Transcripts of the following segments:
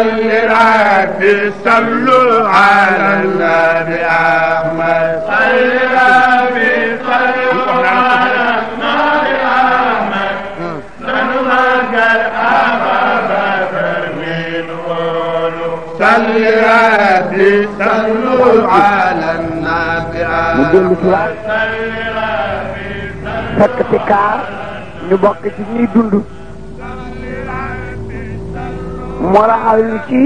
العافي صلوا على النبي احمد صل العافي صلوا على النبي احمد ننمكر امام فرمين قولوا صل العافي صلوا على النبي احمد صل العافي صلوا على النبي احمد ñu bokk ci ñuy dund moo la aju ci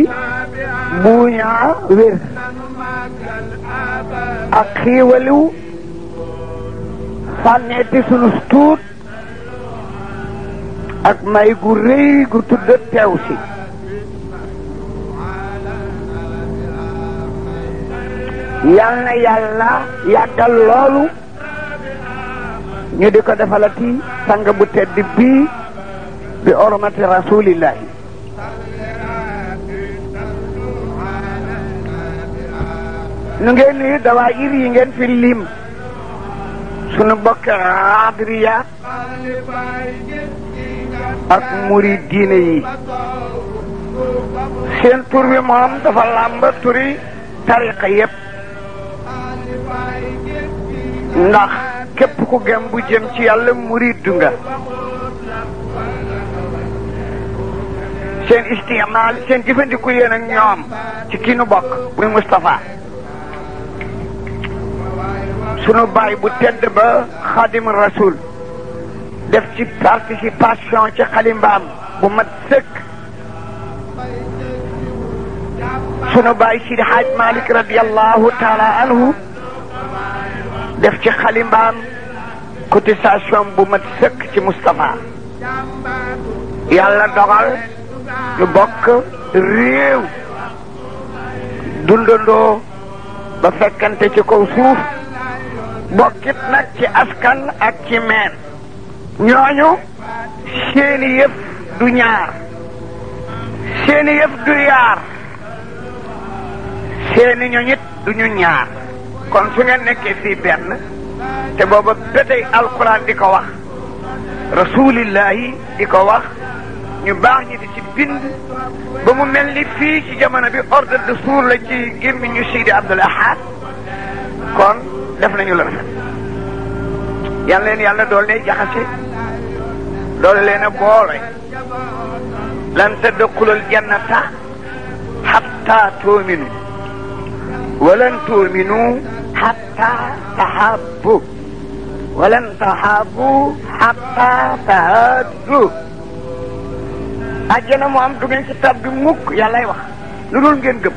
buuñaa wér ak xiiwaliw sànneeti sunu tuut ak may gu rëy gu tudd teew si yal na yàlla yàggal loolu ñu di ko defalati sang bu tedd bii bi ormati rasulillahi nu ngeen nuyu dawaa ir ngeen fi lim sunu bokk adriya ak muri yi seen tur bi moom dafa làmb turi tariqa yépp ndax képp ku gem bu jëm ci yàlla murid nga seen istimaal seen jëfandiku yéen ñoom ci kii nu bokk muy Moustapha sunu bay bu tedd ba khadim rasul def ci participation ci xalimbaam bu mat sëkk sunu bay sidi xaaj malik radiyallahu taala anhu def ci xalimbaam cotisation bu mat sëkk ci mustafa yàlla dogal ñu bok réew dundandoo ba fekkante ci kaw suuf bokit na ci askan ak ci men ñooñu seeni yëf du ñaar seeni yëf du yaar seeni duñu ñaar kon su ngeen nekkee fii benn te booba betey alquran di ko wax rasulillahi di ko wax ñu baax ñi di ci bind ba mu mel ni ci jamono bi ordre de sour la ci ñu sidi abdul ahad kon def nañu la rafet yal leen yàlla dool ne jaxase dool leen a boole lan tadxulul jannata xatta tuuminu walan tuuminu xatta taxaabu walan taxaabu xatta tahaadu àjjana mu am du ngeen ci tabbi mukk yàllay wax lu dul ngeen gëm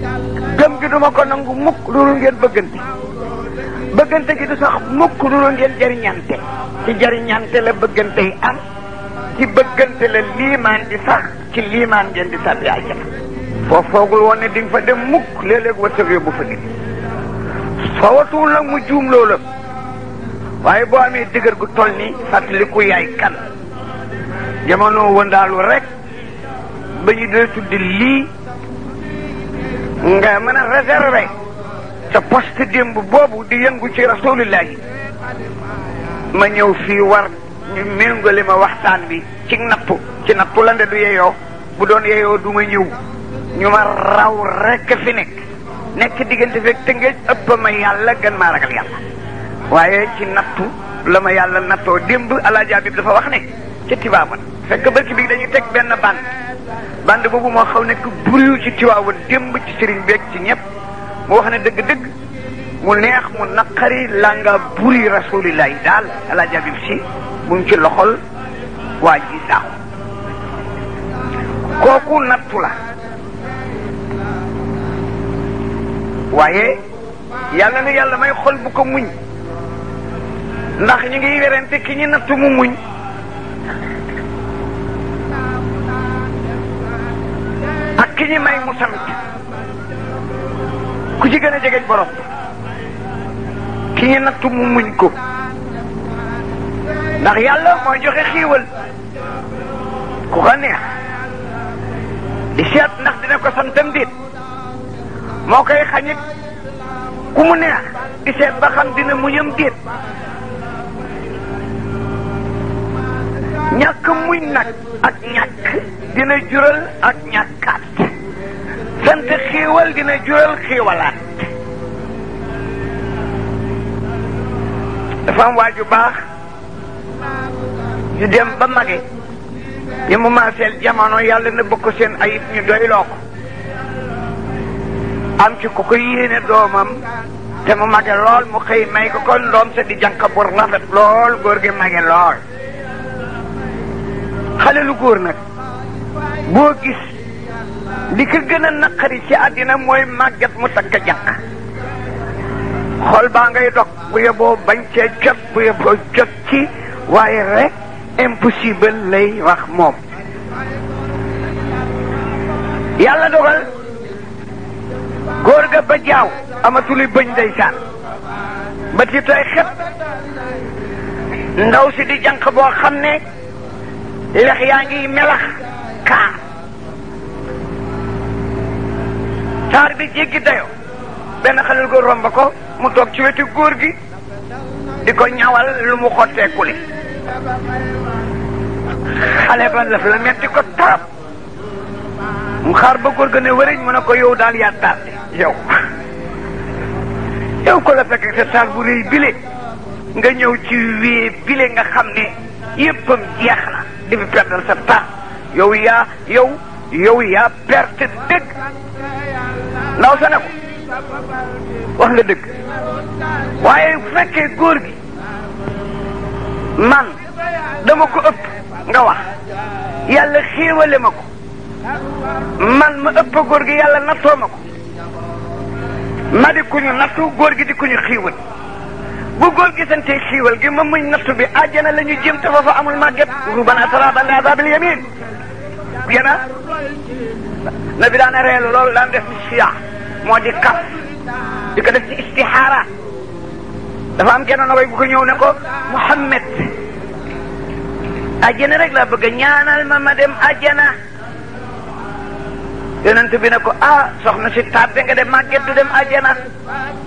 gëm gi duma ko nangu mukk lu dul ngeen bëggante bëggante gi du sax mukk lu dul ngeen jariñante ci jariñante la bëggante yi am ci bëggante la liimaan di sax ci liimaan ngeen di sàbbi àjjana foo foogul woon ne di mu juum loola waaye boo amee dëgër gu toll ni fàttaliku yaay kan jamono wëndaalu rek ba ñu dee tuddi lii nga mën a réserver sa poste démb boobu di yëngu ci rasulullah yi ma ñëw fii war ñu méngale ma waxtaan bi ci nattu ci nattu la nde du yeyoo bu doon yeyoo du ma ñëw ñu ma raw rekk fi nekk nekk diggante fekk te ngeen ëpp ma yàlla gën maa ragal yàlla waaye ci nattu la ma yàlla nattoo démb alaaji Habib dafa wax ne ca Tivaouane fekk bërki bi dañuy teg benn bànn band boobu moo xaw nekk buriw ci Tiwaawan démb ci sëriñ beeg ci ñëpp mu wax ne dëgg-dëgg mu neex mu naqari langa buri rasulillahi daal ala si mu ngi ci loxol waa ji daaw kooku nattu la waaye yàlla na yàlla may xol bu ko muñ ndax ñu ngi werante ki ñu nattu mu muñ Kini may mu ku ci gëna a borom ki ñi nattu mu muñ ko ndax yàlla mooy joxe xiiwal ku ko neex di seet ndax dina ko santam déet moo koy xañit ku mu neex di seet ba xam dina muñam ñàkk muñ nag ak ñàkk dina jural ak ñàkkaat sant xiiwal dina jural xiiwalaat dafa am waaju baax ñu dem ba mage ñu mu maaseel jamono yàlla na bëgg seen ayib ñu doyloo ko am ci ku ko yéene doomam te mu mage lool mu xëy may ko kon doom sa di jànq bu lool góor gi mage lool xale lu góor nag boo gis li ko gën a naqari ci àddina mooy màgget mu takk jànq xol baa ngay dog bu yeboo bañ cee jot bu yeboo jot ci waaye rek impossible lay wax moom yàlla dogal góor ga ba jaaw amatuli bëñ ndeysaan ba ci tey xet ndaw si di jànq boo xam ne lex yaa ngi melax kaa taar bi jéggi dayo benn xalel góor romb ko mu toog ci wetu góor gi di ko ñawal lu mu xotteeku li xale ba laf la metti ko tarap mu xaar ba góor ga ne wëriñ mu ne ko yow daal yaa tardé yow yow ko la fekk sa taar bu rëy bile nga ñëw ci wée bile nga xam ne yëppam jeex na di fi perdal sa taar yow yaa yow yow yaa perte dëgg ndaw sa wax nga dëkk waaye bu fekkee góor gi man ko ëpp wax yàlla xéewale ma ko man ma ëpp góor gi yàlla nattoo ma ko ma di ku gi di ku ñu xiiwal bu góor gi sante xiiwal gi ma muñ nattu bi àjjana la ñu jëm te foofa amul màgget rubbana atraban li azabil yamin yana na bi daan reelu loolu daan def siyaa moo di kaf di ko def ci istixaara dafa am kenn way bu ko ñëw ne ko Muhammad ajjana rek laa bëgg ñaanal ma ma dem ajjana yonent bi ne ko ah soxna si tàbbe nga dem màgget du dem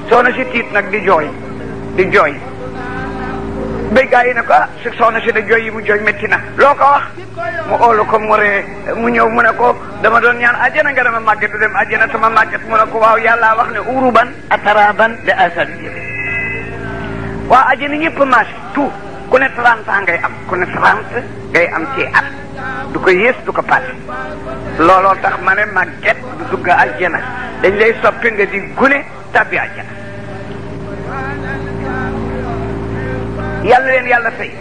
soo na si tiit nag di jooy di jooy béykat yi ko ah si soxna si da jooy yi mu jooy métti na loo wax mu oolu ko mu ree mu ñëw mu ne ko dama doon ñaan àjjana nga dama màgget du dem àjjana sama màgget mu ne ko waaw yàlla wax ne uruban ataraban de asabi waaw àjjana ñëpp marché tout ku ngay am ku ne trente ngay am ci at du ko yées du ko passé looloo tax ma ne màgget du dugg àjjana dañ lay soppi nga di gune tabbi àjjana yàlla leen yàlla fay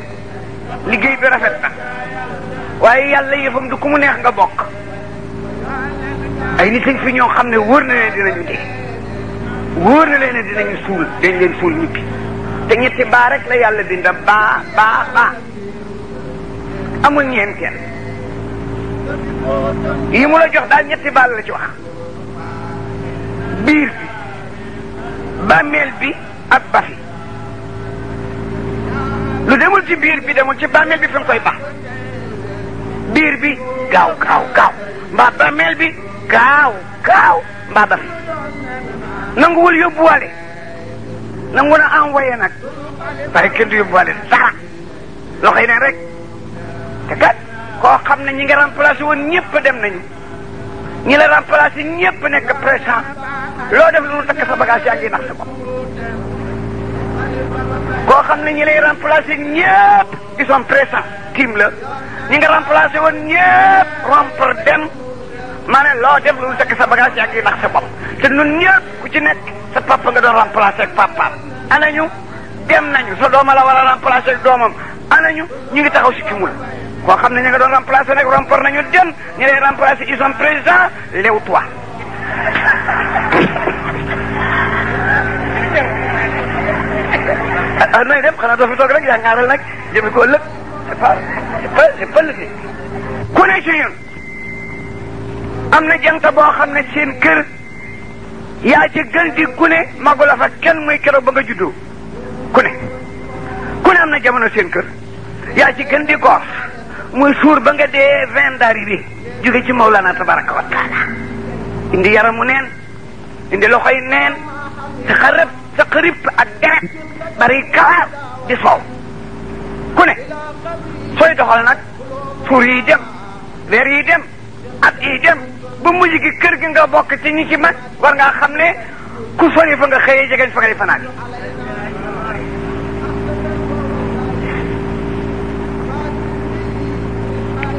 liggéey bi rafet na waaye yàlla yëfam du ku mu neex nga bokk ay nit lañ fi ñoo xam ne wër na leen dinañu dee wóor na leen dinañu suul dañ leen suul ñibbi te ñetti baa rek la yàlla binda baa baa baa amul ñeenteel yi mu la jox daal ñetti baa la ci wax biir bi bàmmeel bi ak bafi lu demul ci biir bi demul ci bàmmeel bi fi koy bax biir bi gaaw gaaw gaaw mbaa bàmmeel bi gaaw gaaw mbaa nanguwul yóbbuwale nangu na envoyé nag waaye kenn du yóbbuwale dara loxo yi rek te kat koo xam ne ñi nga remplacé woon ñëpp dem nañu ñi la remplacé ñëpp nekk présent loo def lu takk sa bagage yaa ngi nax sa bopp koo xam ne ñi lay remplacé ñëpp ils sont présents tiim la ñi nga remplacé woon ñëpp rompre dem maanaam loo def lu takk sa bagage yaa ngi nax sa bopp te ku ci nekk sa papa nga doon remplacer ak papaam anañu dem nañu sa dooma la war a remplacer ak ana anañu ñu ngi taxaw si kimul koo xam ne ñu nga doon remplacer nag rompor nañu dem ñu lay remplacer ils sont présents lew toi ah, ah nooy dem xanaa doo fi toog rek yaa ngaaral nag jëmi ko ëllëg c'est pas c'est pas c'est pas ku ne am na jant boo xam ne seen kër yaa ci gën di gune magu la fa kenn muy keroog ba nga juddoo gune gune am na jamono seen kër yaa ci gën di goor muy suur ba nga dee vingt d'arrivée jóge ci Mawlana tabaraka wa taala indi yaramu neen indi loxoy neen sa xarab sa xarib ak deret bari kalaar di soow ku ne sooy doxal nag suur yi dem weer yi dem at yi dem ba mujj gi kër gi nga bokk ci ñi ci mag war ngaa xam ne ku sori fa nga xëyee jegeñ fa ngay fanaan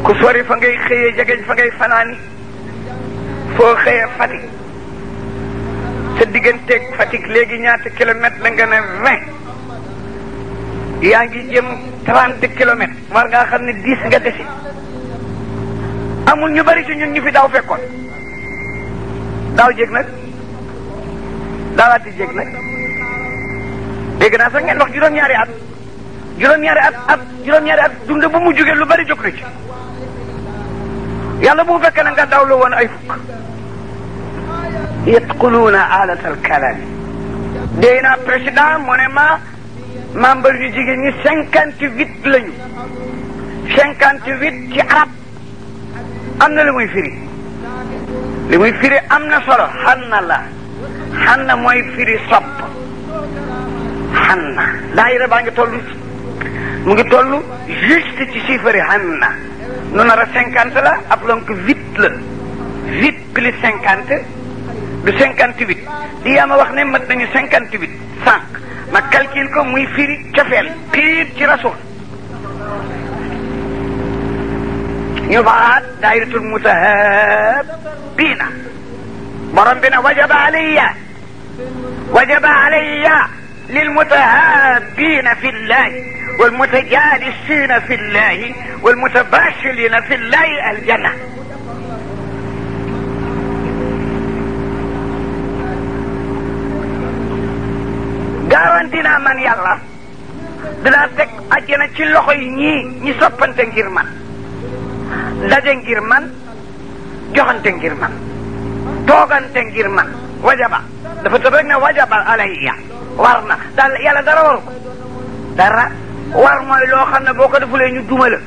ku sori fa ngay xëyee jegeñ fa ngay fanaan foo xëyee Fatick sa digganteeg Fatick léegi ñaata kilomètre la nga ne vingt yaa ngi jëm trente kilomètres war ngaa xam ne dix nga desi amul ñu bari ci ñun ñu fi daw fekkoon daaw jéeg nag daawaati jéeg nag dégg naa sax ngeen wax juróom-ñaari at juróom-ñaari at at juróom-ñaari at dund bu mu jógee lu bari jóg na ci yàlla bu fekkee na nga daaw la woon ay fukk yatquluuna aalatal kalaami dégg naa président mu ne ma membre yu jigéen ñi cinquante huit lañu cinquante huit ci arab am na li muy firi li muy firi am na solo xanna la xanna mooy firi sopp xanna daayira baa ngi toll mu ngi tollu juste ci chiffre xanna nu nar cinquante la appelons que huit la huit plus cinquante du cinquante huit di yaa ma wax ne mat nañu cinquante huit sànq ma calcule ko muy firi cofeel piir ci rasul يبقى دائرة المتهاب مرم بنا وجب علي وجب علي للمتهابين في الله والمتجالسين في الله والمتباشلين في الله الجنة gaawan دينا من يالله dinaa teg àjjana ci loxo yi ñii ñi daje ngir man joxante ngir man toogante ngir man wajaba dafa tëb rek ne wajaba alayya war na daal yàlla dara waru dara war mooy loo xam ne boo ko defulee ñu duma la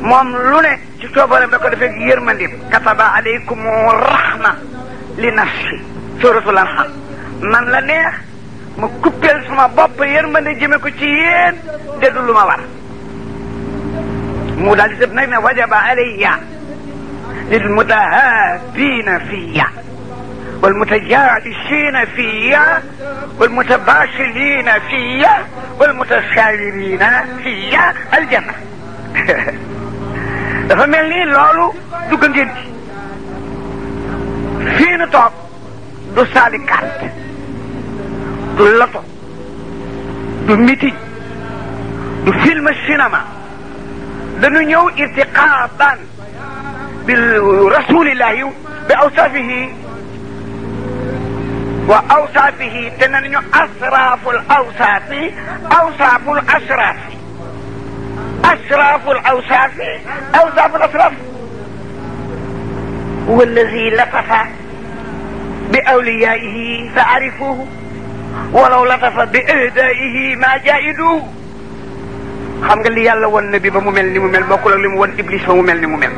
moom lu ne ci coobareem da ko defee yërmandim kataba aleykum rahma man la neex ma kuppeel sama bopp yërmande jëme ko ci yéen de du lu ma war مولد ابنين وجب علي للمتهابين فيا والمتجالسين فيا والمتباشرين فيا والمتسايرين فيا الجنة فمن لي لولو دوكن جنتي فين توب دو سالي كارت دو لطو دو ميتي دو فيلم السينما لانه نيو ارتقاطا برسول الله باوصافه واوصافه تنانيو اسراف الاوصاف اوصاف الاشراف اشراف الاوصاف اوصاف الاشراف هو الذي لطف باوليائه فعرفوه ولو لطف باهدائه ما جائدوه xam nga li yàlla won nabi ba mu mel ni mu mel bokkul ak li mu won iblis ba mu mel ni mu mel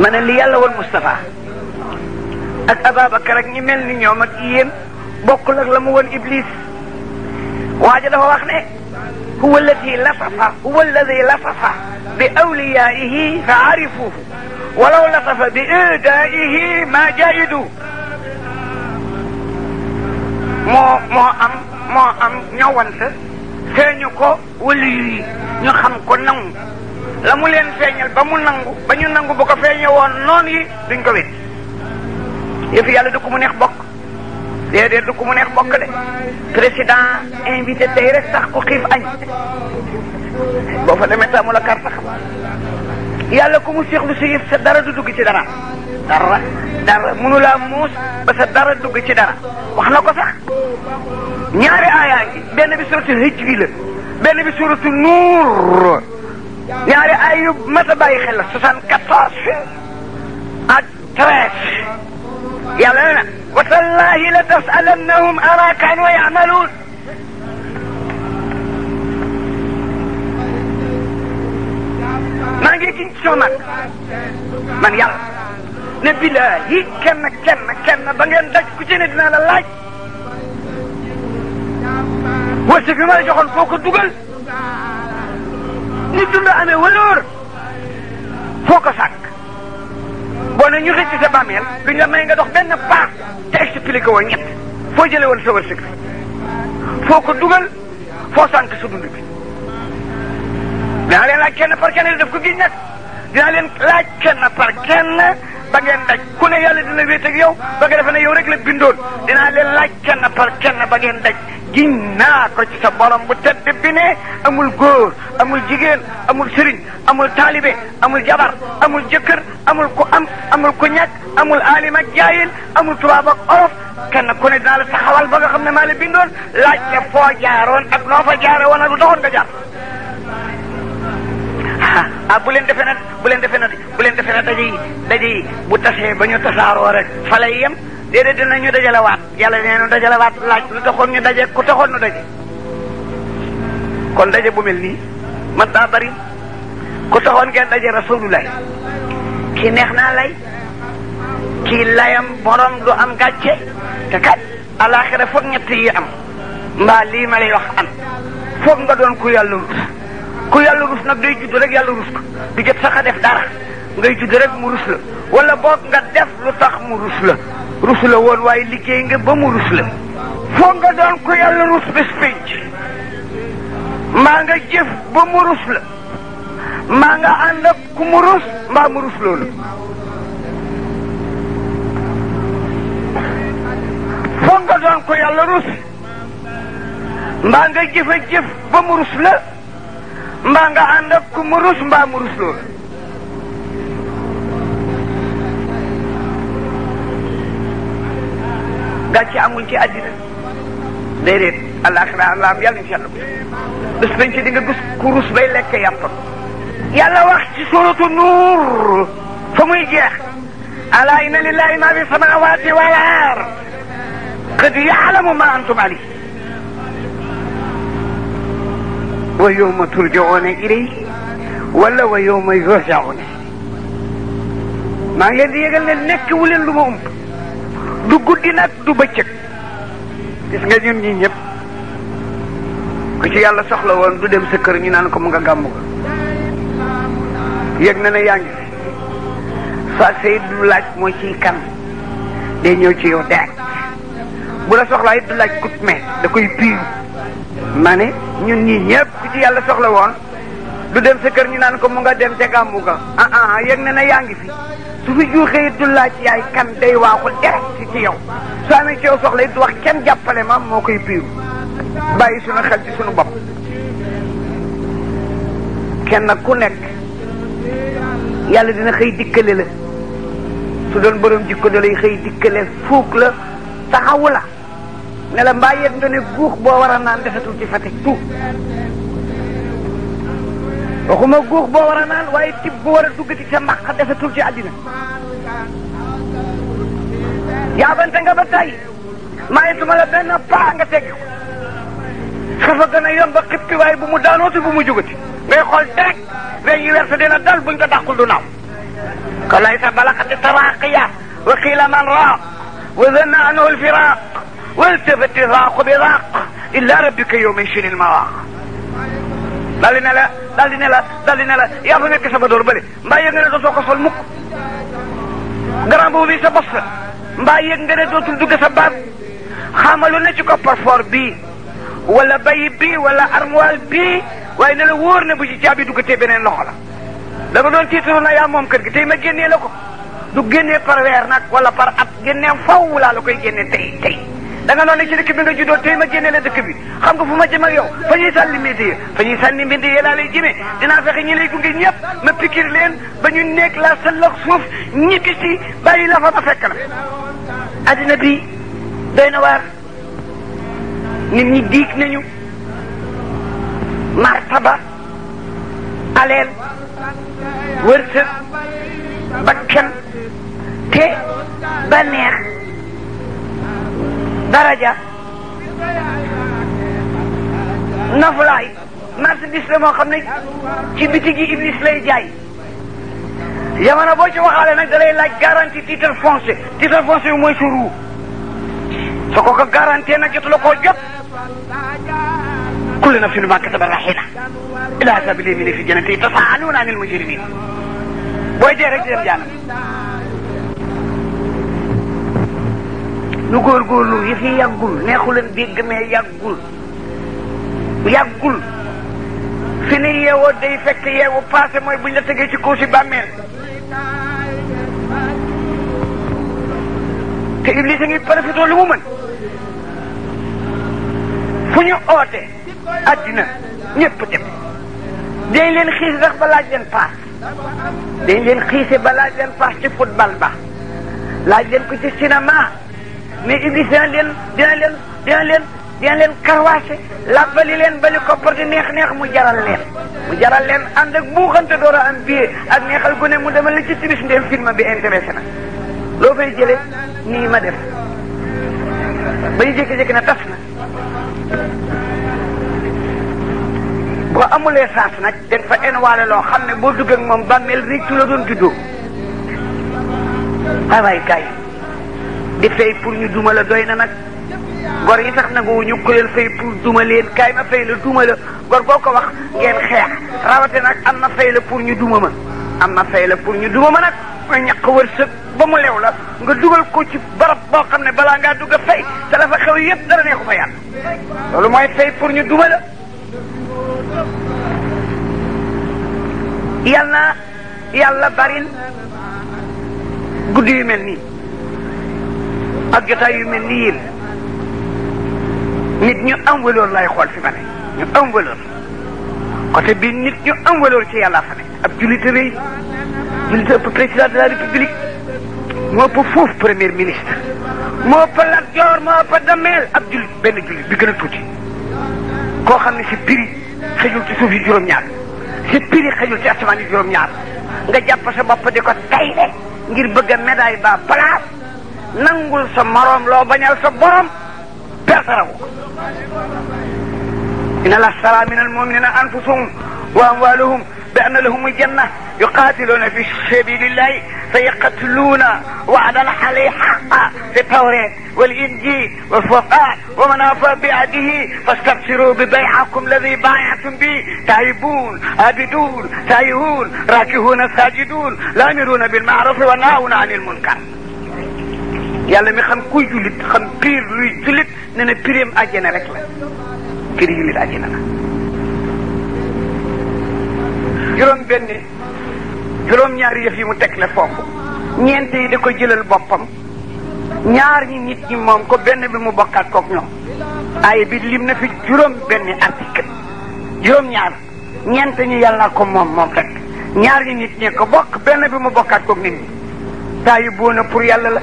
ma ne yàlla won Moustapha mel ni ñoom ak yéen la mu won moo am ñawante feeñu ko wali yi ñu xam ko nangu la mu leen feeñal ba mu nangu ba ñu nangu bu ko feeñe woon noon yi duñ ko wét yëfi yàlla du ko mu neex bokk déedéet du ko mu neex bokk de président invité tey rek sax ku xiif añ boo fa demee tàmmu a kar sax yàlla ku mu seexlu si yëf sa dara du dugg ci dara dara dara mënulaa muus ba sa dara dugg ci dara wax na ko sax ñaari aayaa ngi benn bi suratul hijri la benn bi suratul nuur ñaari aay yu mat a bàyyi xel la soixante quatorze ak treize yàlla nee na wa tallahi la tasalannahum ara kaanu yaamaluun maa ngi giñ ci sama man man yàlla ne billaahi kenn kenn kenn ba ngeen daj ku ci ne dinaa la laaj wërsëg bi ma la joxoon foo ko dugal ni dund amee wëloor foo ko sàkk boo ñu xëcc sa bàmmeel duñ la may nga dox benn paax te expliqué woon ñett foo jële woon sa wërsëg bi ko dugal foo sànk sa dund bi dinaa leen laaj kenn par kenn def ko gis nag dinaa leen laaj kenn par kenn ba ngeen daj ku ne yàlla dina wéet ak yow ba nga defe ne yow rek la bindoon dinaa leen laaj kenn par kenn ba ngeen daj giñ naa ko ci sa borom bu tedd bi ne amul góor amul jigéen amul sëriñ amul taalibe amul jabar amul jëkkër amul ku am amul ku ñàkk amul aalim ak jaayil amul tubaab ak olof kenn ku ne dinaa la taxawal ba nga xam ne maa la bindoon laaj la foo jaaroon ak noo fa jaare woon ak lu doxoon nga jaar ah bu leen defe na bu leen defee na bu leen defee nag daje yi daje bu tasee ba ñu tasaaroo rek fa lay yem déedéet dina ñu dajalewaat yàlla nee nu dajalewaat laaj lu taxoon ñu daje ku taxoon ñu daje. kon daje bu mel nii man daa bari ku taxoon ngeen daje rasulullah kii neex na lay kii layam borom du am gàcce te kat alaaxira foog ñett yi am mbaa lii ma lay wax am foog nga doon ku yàlla ku yàlla rus nag day judd rek yàlla rus ko du jot sax a def dara ngay judd rek mu rus la wala boog nga def lu tax mu rus la rus la woon waaye liggéey nga ba mu rus la foo nga doon ku yàlla rus nga mbaa nga doon jëf ba mu rus la mbaa nga ànd ak ku mu rus mbaa mu rus loolu gàcce amul ci àddina déedéet àllaaxira allah am yàlla incha allah bés bañ ci di nga gis bay lekk yàppam wax ci suratu nuur fa muy jeex alaa inna lillahi ma fi samawati wal ard qad ma antum alayhi wa yawma turja'una ilay wala wa yawma yurja'una maa ngi leen di yëgal ne nekk wu leen lu ma ëmb du guddi nag du bëccëg gis nga ñun ñi ñëpp ku ci yàlla soxla woon du dem sa kër ñu naan ko mu nga gàmmu ko yëg na ne yaa ngi fi sa sey du laaj mooy ci kan day ñëw ci yow daaj bu la soxlaa it du laaj kut da koy piiw maa ne ñun ñii ñëpp yàlla soxla woon du dem sa kër ñu naan ko mu nga dem ca gàmmu ga ah ah, ah yëg na na yaa ngi fi su fi juuxee du laaj yaay kan day waaxul direct ci yow su amee ci yow soxla it wax kenn jàppale ma moo koy piiru bàyyi suñu xel ci suñu bopp kenn ku nekk yàlla dina xëy dikkale la su doon borom jikko da lay xëy dikkale fuuk la taxawu la ne la mbaa yëg nga ne guux boo war a naan defatul ci Fatick tout waxuma guux boo war a naan waaye tib bu war a duggati sa mbaq defatul ci àddina yaabante nga ba tey mayetuma la benn paa nga tegg ko xafa gën a yomb a xippi waaye bu mu daanooti bu mu jugati ngay xool direct weñ yi wersa dina dal buñ ko dàqul du naaw ko lay sa balaxati taraaqiya wa qiila man raaq wa zanna anhu alfiraaq والتفت الراق براق إلا ربك يوم يشيل المراق daal di ne la daal di ne la daal di ne la yaa fa nekk sa badoor bële mbaa yëg nga ne dootoo ko sol mukk grand boobu bi sa bos la mbaa yëg nga ne dootul dugg sa baat xaamalu ne ci ko parfor bii wala bayi bii wala armoire bii waaye ne la wóor na bu ci caabi duggatee beneen loxo la da nga doon tiitaru na yaa moom kër gi tey ma génnee la ko du génnee par weer nag wala par at génnee faw laa la koy génne tey tey da nga noonu ci dëkk bi nga juddoo tey ma génne la dëkk bi xam nga fu ma jëm ak yow fa ñuy sànni mbind yi fa ñuy sànni mbind yi laa lay jëmee dinaa fexe ñi lay gunge ñëpp ma pikir leen ba ñu nekk la salloog suuf ñibbi si bàyyi la fa ba fekk la addina bi doy na waar nit ñi diig nañu martaba aleel wërsëg bakkan te ba neex daraja nafulaay marchandise la moo xam ne ci biti gi Iblis lay jaay jamono boo ci waxaale nag da lay laaj garantie titre foncier titre foncier bi mooy sa ruu soo ko ko garantie nag jotu la koo jot kullu nafsin bimaa kasabat rahiina illaa ashaabil yamiini fii jannatin yatasaaءaluuna anil mujrimiin booy dee rek di dem jaanam nu góorgóorlu yi fi yàggul neexuleen dégg mais yàggul yàggul fi ni yeewoo day fekk yeewu passé mooy buñ la tegee ci kaw si bàmmeel te Iblis a ngi profité lu mu mën fu ñu oote àddina ñëpp dem dañ leen xiis sax ba laaj leen paas dañ leen xiise ba laaj leen paas ci football ba laaj leen ko ci cinéma mais Iblis dina leen dina leen dina leen dina leen karwaase làbbali leen bali koppar di neex-neex mu jaral leen mu jaral leen ànd ak buuxante door a am biee ak neexal gu ne mu demal la ci tiris ndem film bi intéressé na loo fay jële nii ma def ba ñu jékki na tas na boo amulee saas nag da nga fa enwaale loo xam ne boo dugg ak moom bàmmeel réccu la doon juddoo waaye kaay di fay pour ñu duma la doy na nag gor yi sax nangu ñu ko leen fay pour duma leen kaay ma fay la duma la gor boo ko wax ngeen xeex rawate nag am na fay la pour ñu duma ma am na fay la pour ñu duma ma nag ma wërsëg ba mu lew la nga dugal ko ci barab boo xam ne balaa ngaa dugg a fay te la fa xew yëpp dara neexu fa yàlla loolu mooy fay pour ñu duma la yàlla yàlla barin guddi yu mel nii ak jotaay yu mel ni nit ñu am wëloor lay xool fi ma ne ñu am wëloor côté bi nit ñu am wëloor ci yàlla fa ne ab jullit rëy jullit ëpp président de la république moo ëpp foofu premier ministre moo ëpp Lat Joor moo ëpp ab jullit bi gën a tuuti koo xam ne si piri xëjul ci suuf yi juróom-ñaar si piri xëjul ci asamaan juróom-ñaar nga jàpp sa bopp di ko tayle ngir bëgg a médaille ba place nangul sa moroom lo bañal sa borom pertaraw inna la sara min al muminina anfusuhum wa amwaluhum bi anna lahum janna yuqatiluna fi sabilillahi فيقتلون وعدا عليه حقا في التوراة والإنجيل والفقاع ومن أوفى بعده فاستبشروا ببيعكم الذي بايعتم به تائبون عابدون تائهون راكهون ساجدون لامرون بالمعروف والنهون عن المنكر yàlla mi xam kuy jullit xam piir luy jullit ne na pireem àjjana rek la piir jullit àjjana la juróom benn juróom-ñaari yëf yi mu teg la foofu ñeent yi da ko jëlal boppam ñaar ñi nit ñi moom ko benn bi mu bokkaat kook ñoom aaya bi lim na fi juróom benn article juróom-ñaar ñeent ñi yàlla ko moom moom rek ñaar ñi nit ñi ko bokk benn bi mu bokkaat kook nit ñi saa yu boona pour yàlla la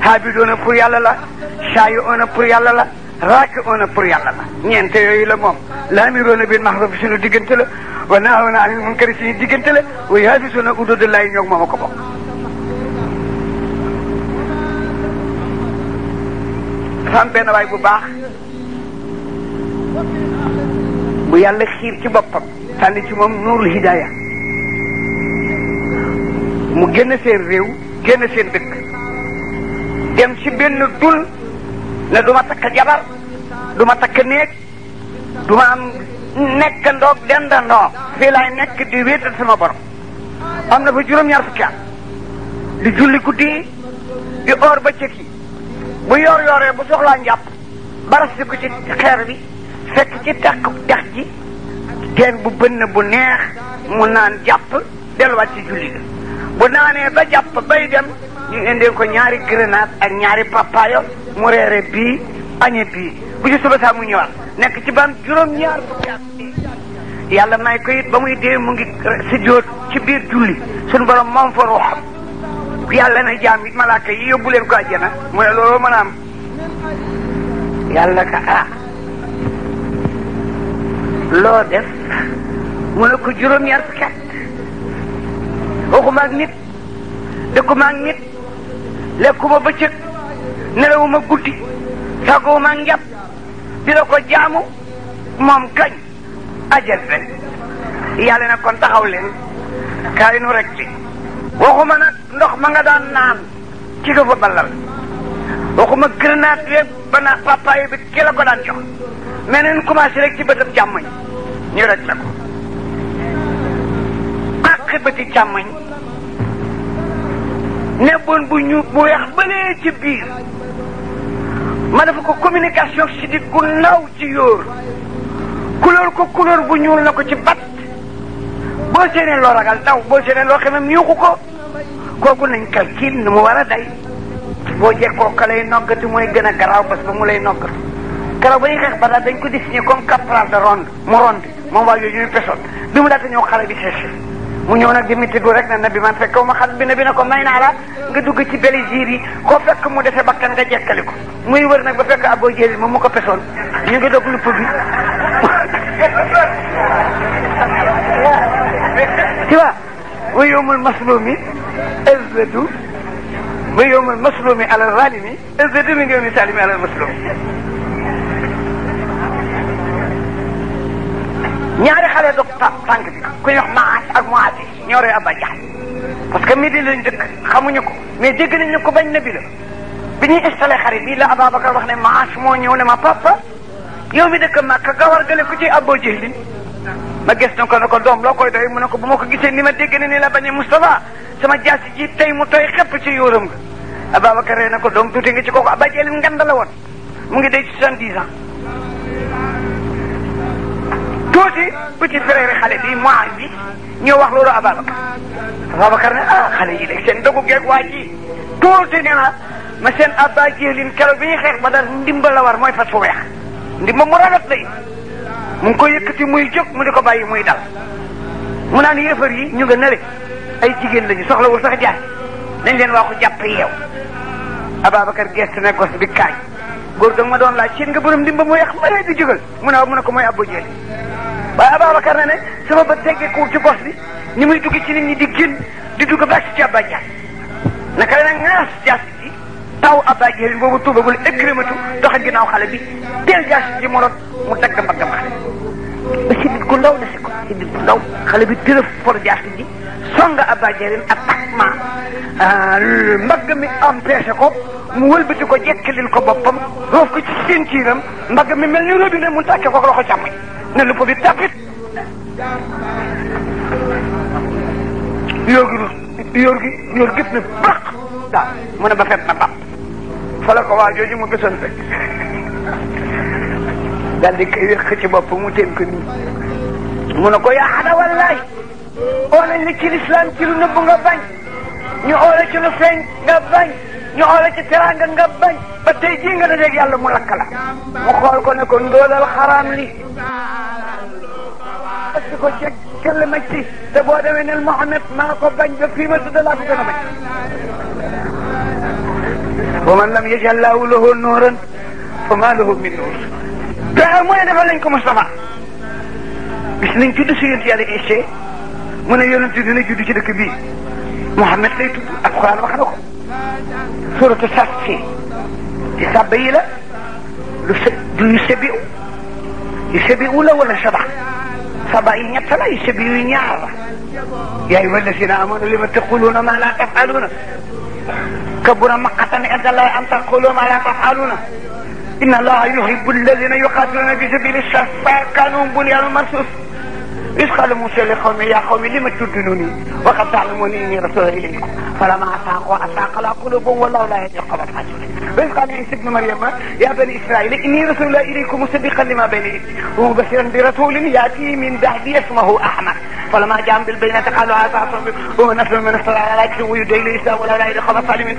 haabidoona pour yàlla la saayi'oona pour yàlla la raaki'oona pour yàlla la ñeente yooyu la moom laamiroona bil ma'ruuf suñu diggante la wa naahoona anil munkari suñu diggante la wa yaafisoona uduudallaahi ñoog moom a ko bokk bu baax bu yàlla xiir ci boppam tànn ci moom nuurul hidaaya mu génn seen réew génn seen dëkk dem ci benn dul ne du ma takk jabar du ma takk néeg du ma am nekk ndoog dendandoo fii laay nekk di wéetal sama borom am na fa juróom-ñaar fukki at di julli guddi yi di oor bëccëg yi bu yor yooree bu soxlaa njàpp barasi ko ci xeer bi fekk ci takk dex ji teen bu bënn bu neex mu naan jàpp delluwaat ci julli ga bu naanee ba jàpp bay dem ñu indee ko ñaari grenade ak ñaari papayo mu reere bii añe bii bu ci suba saa mu ñëwaat nekk ci ban juróom-ñaar yàlla may ko it ba muy dee mu ngi si jóot ci biir julli suñu borom moom fa ruuxam yàlla na jaam it malaaka yi yóbbu leen ko àjjana mu ne loolu mën a am yàlla ka ah loo def mu ne ko juróom-ñaar fukki at waxuma ak nit dëkkuma ak nit ba bëccëg nelawuma guddi saguma njab di la ko jaamu moom kañ ajal fen yàlla na kon taxaw leen kaay nu rek ci waxuma ndox ma nga daan naan ci nga fa ballal waxuma grenade ba bana papaye bi ki la ko daan jox mais nañ commencé rek ci bëtam càmmoñ ñu rek la ko àq bëti càmmoñ nebboon bu ñu bu weex balee ci biir ma dafa ko communication si di gu naaw ci yóor couleur ko couleur bu ñuul na ko ci bat boo seenee loo ragal daw boo seenee loo xamem yuuxu ko ko kooku nañ calcul nu mu war a day boo ko ka lay noggati mooy gën a garaaw parce que mu lay noggati garaaw a ñuy xeex ba daal dañ ko désigné comme caporal de ronde mu ronde moom waa yooyu ñuy pesoon bi mu daata ñëw xale bi xeex mu ñëw nag di mitigu rek na nabi man fekk ma xam bi nabi ne ko may naa la nga dugg ci Belgique yi koo fekk mu defee bakkan nga jekkali ko muy wër nag ba fekk abo jéeli moom mu ko pesoon ñu ngi dog lupp bi tu vois wa yowmul maslumi izzatu wa yowmul maslumi ala zalimi izzatu mi ngi yowmi salimi ala maslumi ñaari xale dog tànk bi ku ñuy wax maa ak moasi ñoo rey abba jaxal parce que midi lañ dëkk xamuñu ko mais dégg nañ ko bañ nabi la bi ñuy installé xarit bii la ababacar wax ne maas moo ñëw ne ma papa yow mi dëkk màkk gawar gale ku ci abbo jëli ma gis na ko ne ko doom loo koy doy mu ne ko bu ma ko gisee ni ma dégg ne ni la bañee Moustapha sama jaasi ji tey mu toy xepp ci yóoram nga Ababacar ree na ko doom tuuti nga ci kooku Abba Jahal ngand la woon mu ngi day soixante-dix ans tuuti petit frère xale bi mois bi ñëw wax loolu Ababacar Ababacar ne ah xale yi léegi seen dogu geeg waa ji tuuti ne ma seen abba jéelin keroog bi ñuy xeex ba dal ndimbal la war mooy fas fu weex ndimbal mu rafet lay mu ngi ko yëkkati muy jóg mu di ko bàyyi muy dal mu naan yéefar yi ñu nga nale ay jigéen lañu soxlawul sax jaay nañ leen waa ko jàpp yeew Ababacar gestu ne gos bi kaay góor ga ma doon laaj seen nga borom ndimba mooy yàq ma lay di jógal mu ne waaw mu ko mooy abba jéelin ba waaye Ababacar ne ne sama bët teggeekuwul ci bos bi ni muy dugg ci nit ñi di génn di dugg ba ci Abba Jahl naka la nag ngaas jaas ci taw Abba Jahl boobu tuubagul ëkkëramatu doxe ginnaaw xale bi teel jaas ci moroot mu dagg mbaggam xale ku ndaw dese ko si bit ku ndaw xale bi tërëf for jaas ji songa Abba Jahl attaquement euh, mbagg mi empêché ko mu wëlbati ko jekkalil ko boppam roof ko ci seen ciiram mbagg mi mel ni robinet mu tàkkee ko loxo càmmoñ ne lupp bi tapit yóor gi rus yóor gi yóor gis na baq daal mu ne ba fet na baq ko waa jooju mu gisoon fekk daal di koy wéq ci bopp mu teen ko mu ne ko yaa xada wallaay oo nañ la ci lislaam ci nga bañ ñu oo la ci lu nga bañ ñu xoolee ci teranga nga bañ ba tey jii nga dajeeg yàlla mu lakk la mu xool ko ne ko ndóolal xaraam li parce ko ci këll ma ci te boo demee nel Mouhamed maa ko bañ ba fii ma tudd laa ko gën a bañ wa man lam yajal laahu lahu nuuran fa maa lahu min nuur te mu ne defal nañ ko Moustapha bis nañ tudd si yonent yàlla Issa mu ne yonent dina judd ci dëkk bii Mouhamed lay tudd ak Alxuraan wax na ko سورة الساسين يسابيلا يسابيو يسابيو ولا شبع سبعين يبتلا يسابيو يا أيها الذين آمنوا لما تقولون ما لا تفعلون كبر مقة عند الله أن تقولوا ما لا تفعلون إن الله يحب الذين يقاتلون في سبيل الشر فكانوا بنيان مرسوس إذ قال موسى لقومه يا قوم لم تدنوني وقد تعلموني إني رسول إليكم فلما أساق وأساق على قلوبهم والله لا يهدي القوم الفاسقين وإذ قال عيسى ابن مريم يا بني إسرائيل إني رسول إليكم مصدقا لما بين يدي ومبشرا برسول يأتي من بعدي اسمه أحمد فلما جاء بالبينات قالوا هذا هو نفس من افترى على لا ويدعي الإسلام ولا لا يهدي القوم الظالمين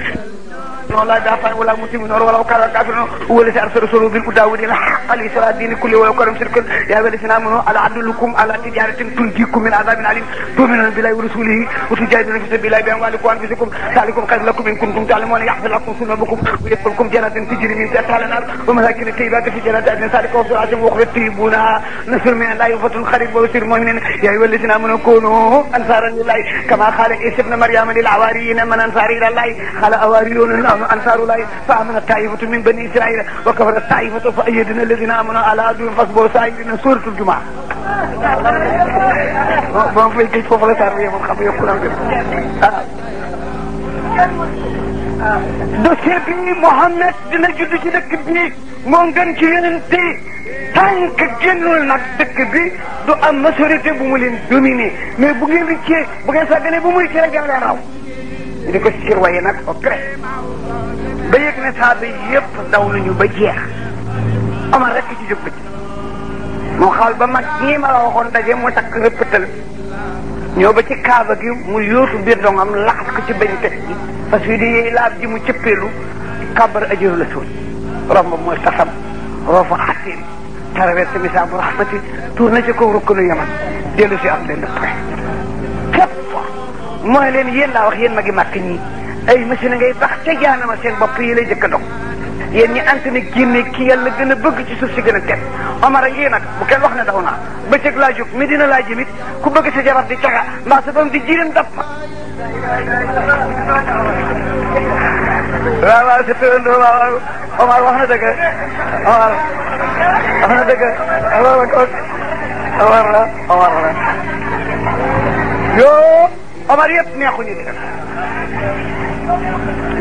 ولا دافع ولا مسلم نور ولا وكان الكافر هو الذي ارسل رسوله بالهدى ودين الحق لاسراء الدين كله ويكرم شركا يا بني سلام على عدلكم على تجاه سيارة تنجيكم من عذاب عليم تؤمنون بالله ورسوله وتجاهدون في سبيل الله بأموالكم وأنفسكم ذلكم خير لكم إن كنتم تعلمون يحفظ لكم ذنوبكم ويدخلكم جنة تجري من تحتها الأنهار ومساكن طيبات في جنات عدن ذلك وفي العشر وأخرى طيبونها نصر من الله وفتح خريب ويسر مؤمنين يا أيها الذين آمنوا كونوا أنصارا لله كما قال عيسى ابن مريم للعواريين من أنصار إلى الله قال أواريون أنصار الله فآمن طائفة من بني إسرائيل وكفر الطائفة فأيدنا الذين آمنوا على عدوهم فاصبروا سائلين سورة الجمعة Thank you. waaw waaw mooy géej foofu la saar bi yemoon xam bi ah. dossier dina judd ci dëkk bi moo ngën ci yeneen tey tànk génnul nag dëkk bi du am majorité bu mu leen dominé mais bu ngeen rëccee bu ngeen sàgganee bu muy rek yàlla raw di ko sirwaye nag ba pare ba yëg ne saa bi yëpp daw nañu ba jeex Omar rek ci jóg mu xawal ba mag ñii ma la waxoon daje mu takk rëppatal ñoo ba ci kaaba gi mu yóotu biir dongam laxas ko ci benn teg gi parce que di yey laab ji mu cëppeelu kàbbar ajër la suul romb mooy tasam roofa xattiin traversé misa bu raxmati tuur na ci kaw rukkanu yaman dellu si am benn point képp mooy leen yéen laa wax ma magi makki ñii ay machine ngay bax ca jaanama seen bopp yi lay jëkka yéen ñi antenne génne ki yàlla gën a bëgg ci suuf si gën a teg Omar a ngi nag bu kenn wax ne daw naa bëccëg laa jóg mi dina laa jëmit ku bëgg sa jabar di caga mbaa sa doom di jirim dab ma waaw waaw sa tërandoo waaw waaw Omar wax na dëgg Omar wax na dëgg Omar Omar la Omar la yoo Omar yëpp neexuñu di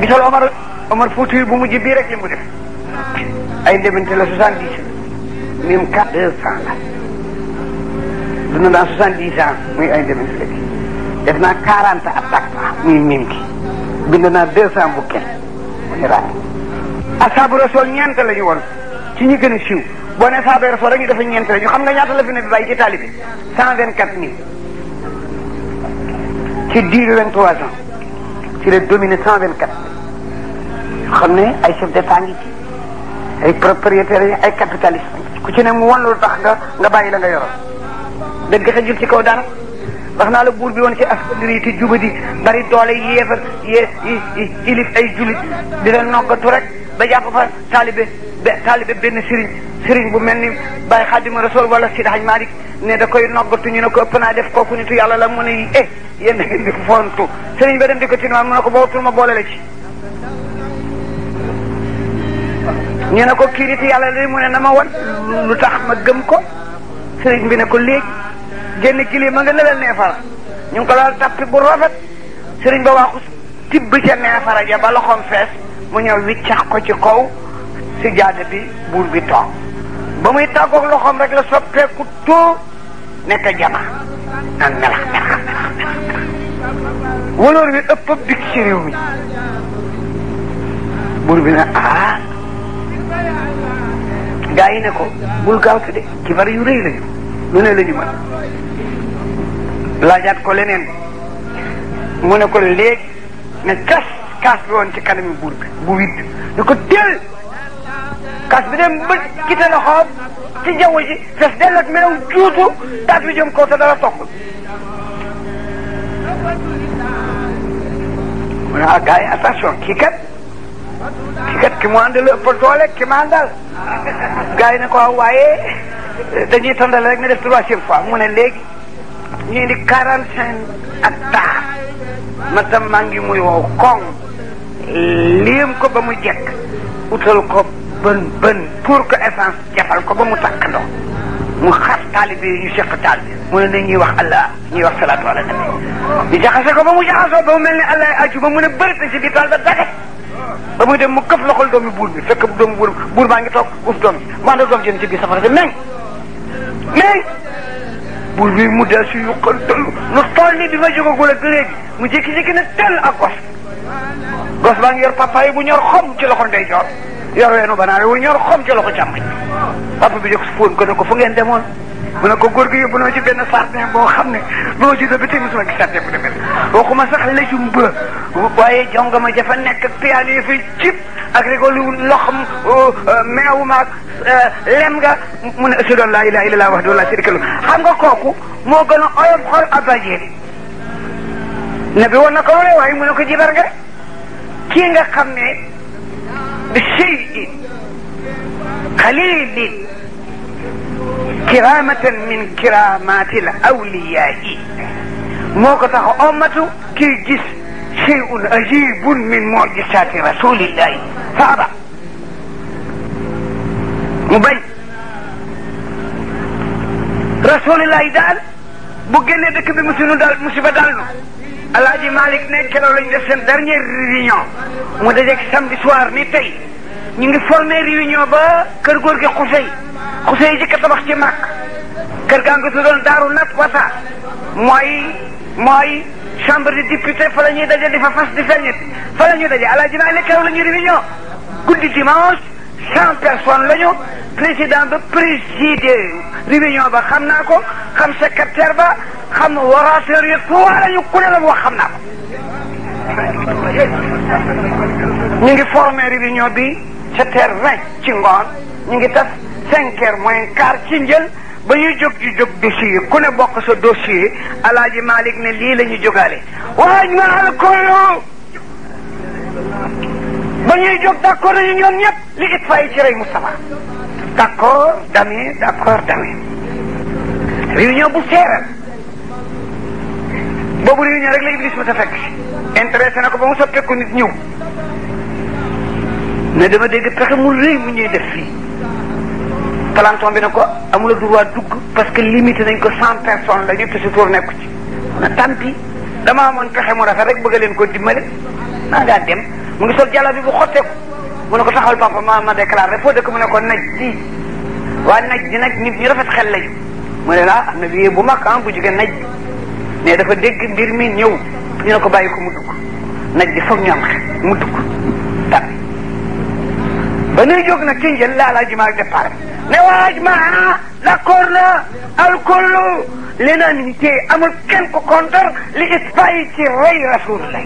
gisal Omar Omar Fouti bu mujj bii rek li mu def ay ndébante la soixante dix mim ka deux cent la dund soixante dix ans muy ay ndébante def naa quarante attaque muy mim ki bind naa deux cent bouquin muy raay asaabu rasool ñeent la ñu woon ci ñi gën a siiw boo ne saabe rasool rek ñu dafa ñeent la xam nga ñaata la fi ne bi bàyyi ci taalibe cent vingt quatre mille ci diir vingt trois ans ci la dominé 124 xam ne ay chef d'état ngi ci ay propriétaires ay capitalistes ku ci ne mu wan lu tax nga nga bàyyi la nga yoroon dëgg xëjul ci kaw dara wax naa la buur bi woon ci askandri yi te jubadi bari doole yéefar yé ilif ay julit di leen noggatu rek ba jàpp fa be taalibe benn sëriñ sëriñ bu mel ni Baye Xaadimu Rasuul wala Sidi Haj Malik ne da koy noggatu ñu ne ko ëpp naa def kooku nitu yàlla la mu ne yi eh yéen da ngeen di fontu sëriñ ba dem di ko tinwaan ne ma boole la ne ko kii nitu yàlla la na ma wan lu tax ma gëm ko sëriñ bi ne ko léegi génn kili ma nga lelal neefara ñu ngi ko laal bu rafet sëriñ ba waaxu tibb ca neefara ja ba loxoom fees mu ñëw wiccax ko ci kaw si jaada bi buur bi toog ba muy tàggoog loxoom rek la soppeeku tóo nekk jama naan melax melax melax waloor wi ëpp ab dikk ci réew mi buur bi na ah gaa yi ne ko bul gaawtu de kibar yu rëy lañu lu ne la ñu mën ko leneen mu ne ko léegi ne kas kaas bi woon ci kanami buur bi bu witt ne ko teel kas bi dem ba gite na xoob ci jaww ji fes dell ak melaw juutu taat bi jëm kaw te dara toq mu ne ah gars yi attention ki mu àndal ëpp doole ki ma àndal gars ko ah, waaye dañuy tondale rek na def troisième fois mu ne léegi ñu indi quarante ak taar ma tam maa ngi muy wow koŋ ko ba mu jekk utal ko bën bën pour que essence jafal ko ba mu takk ndox mu xas taalibe yi ñu seq bi mu ne na ñuy wax allah ñuy wax salaatu ala nabi ñu jaxase ko ba mu jaxasoo ba mu mel ne allah aju ba mu ne bëri si biir taal ba dagat ba muy dem mu këf loxol doomi buur bi fekk doomi buur buur baa ngi toog uuf doom bi mu ànd ak doom jëm ci biir safara si meñ meñ buur bi mu dee si yu xël tëll lu toll ni bi ma jógagul ak léegi mu jékki-jékki ne tell a gos gos baa ngi yor papa yi bu ñor xom ci loxo ndey joor yor weenu banaana wu ñor xom ci loxo càmmoñ papa bi jóg si fóon ko ko fu ngeen demoon mu ne ko góor gi yóbbu noo ci benn sardin boo xam ne loo ci dëgg te mosuma gis sardin bu demee waxuma sax lëjum ba waaye jongama jafa nekk ak piyaan yi fi cib ak rigolu loxam e, meew maag e, lem nga mu ne ashhadu an laa la illallaah wahdahu laa shariika lahu xam nga kooku moo gën a oyof xol abajeri nabi woon na ko waaye mu ne ko jibar nga kii nga xam ne بشيء قليل كرامة من كرامات الأولياء موقف أمته كي جس شيء عجيب من معجزات رسول الله فأرى مبين رسول الله دال بو گنے دک دال مصیبت alaaji Malick ne keroog lañu def seen dernière réunion mu dajeeg samedi soir ni tey ñu ngi formé réunion ba kër góor gi xusey xusey jëkk a tabax ci kër gaa ngi tuddoon daaru nat wata mooy mooy chambre de député fa la daje di fa fas di feñet ñuy daje alaaji Malick keroog la ñuy réunion guddi dimanche cent personnes la ñu président ba présider ba xam naa ko xam secrétaire ba xam na waraaseer a ku waa la ñu ku la mu wax xam naa ko. ñu ngi formé bi sept ci ngoon ñu ngi tas cinq heures moins quart ci njël ba ñuy jóg di jóg dossier bokk sa dossier El Hadj ne lii la ñu jógaale. waaye ñu naan ko ba ñuy jóg d' accord nañu ñoom ñëpp ci rey Moustapha. d' accord dami d' dami réunion bu seeral. boobu réunion rek la Iblis ma sa fekk si na ko ba mu soppeeku nit ñëw ne dama dégg pexe mu rëy mu ñuy def fii palanton bi ne ko amul droit dugg parce que limité nañ ko cent personnes la ñu te su tur nekku ci na tampi dama amoon pexe mu rafet rek bëgg leen ko dimbale naa ngaa dem mu ngi sol jàlla bi bu xotteeku mu ne ko taxawal papa ma ma déclaré foo dëkk mu ne ko naj di waa naj di nag nit ñu rafet xel lañu mu ne laa am na bu mag ah bu jógee naj bi mais dafa dégg mbir mi ñëw ñu ko bàyyi ko mu dugg nag di foog ñu am xel mu dugg tàbbi ba nuy jóg nag ci njël la alaaji maa départ ne waaj ma ah, na alkoolu l'unanimité amul kenn ko contre li ispayi ci rey rasulullah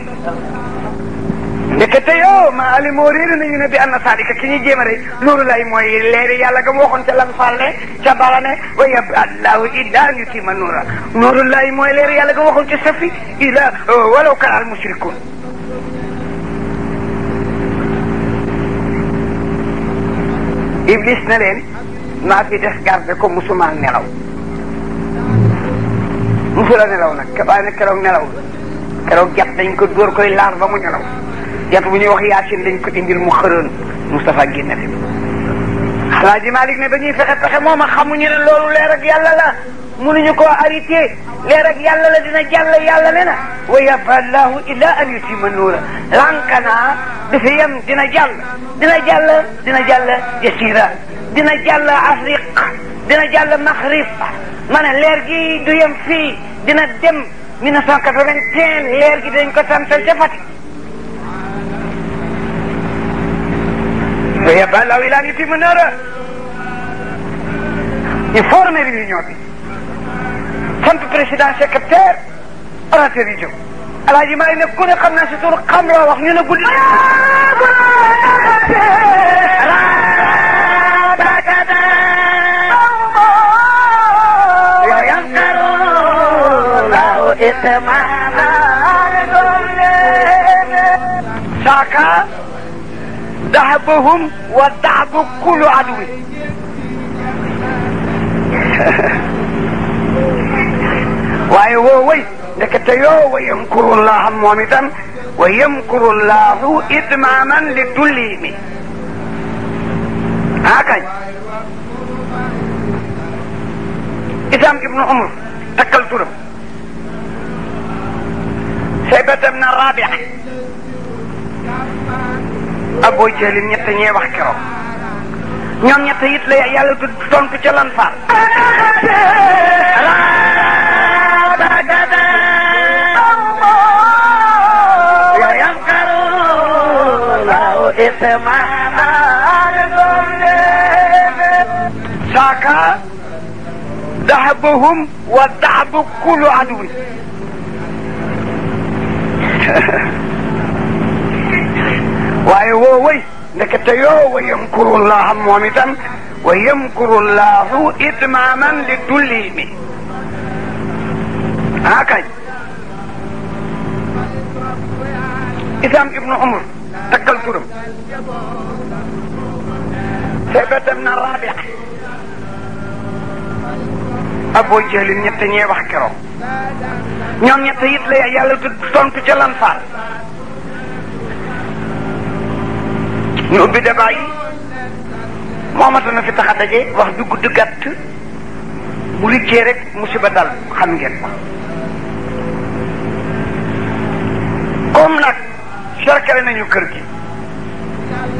ndekete yoo ma ali moo réer nañu ne bi am na sadika ki ñuy jéem a rek loolu lay mooy leeri yàlla ga mu waxoon ca lan faal ne ca bala ne wa yab allahu illa an yutima nuura loolu lay mooy leeri yàlla ga waxoon ca safi ila walaw kana al mushrikun iblis na leen naa fi des garde ko musuma nelaw musula nelaw nag waaye nag keroog nelaw keroog jàpp dañ ko dóor koy laar ba mu nelaw jant bu ñuy wax yaasin dañ ko indil mu xërën Moustapha génne fi Alaaji Malik ne ba ñuy fexe fexe moom a xamuñu ne loolu leer ak yàlla la mënuñu koo arrêté leer ak yàlla la dina jàll yàlla ne na wa yafa llahu illa an yutima nuura lankanaa dafa yem dina jàll dina jàll dina jàll jasira dina jàll afrique dina jàll maghrib ma ne leer gi du yem fii dina dem 1981 leer gi dañ ko tantal ca Fatick ويبقى الله إلى أن يتم ناره il forme réunion bi sant président secrétaire rajo bi jóg alaaji maa ngi ne ku ne xam naa si tur xam loo wax ñu ne guddi Saka دعبهم ودعب كل عدو ويووي ووي نكت ويمكر الله مومدا ويمكر الله إدماما لتليم هكذا إسام ابن عمر تكلتنا سيبت من الرابعة ak booy jëlin ñett ñee wax keroog ñoom ñett it la yàlla du tontu ca lan faar saaka dahabuhum wa dahabu kullu aduwin وايووي نكتيو يمكر الله مومتا ويمكر الله اتماما لتليم هكذا اذا ابن عمر تكل كرم ثبت من الرابع ابو جهل نيت ني واخ كرو نيوم نيت يتلي يالا تون تو ñu ubbi débat yi moomata na fi tax a wax ju gudd gàtt bu riccee rek musiba dal xam ngeen ko comme nag cercale nañu kër gi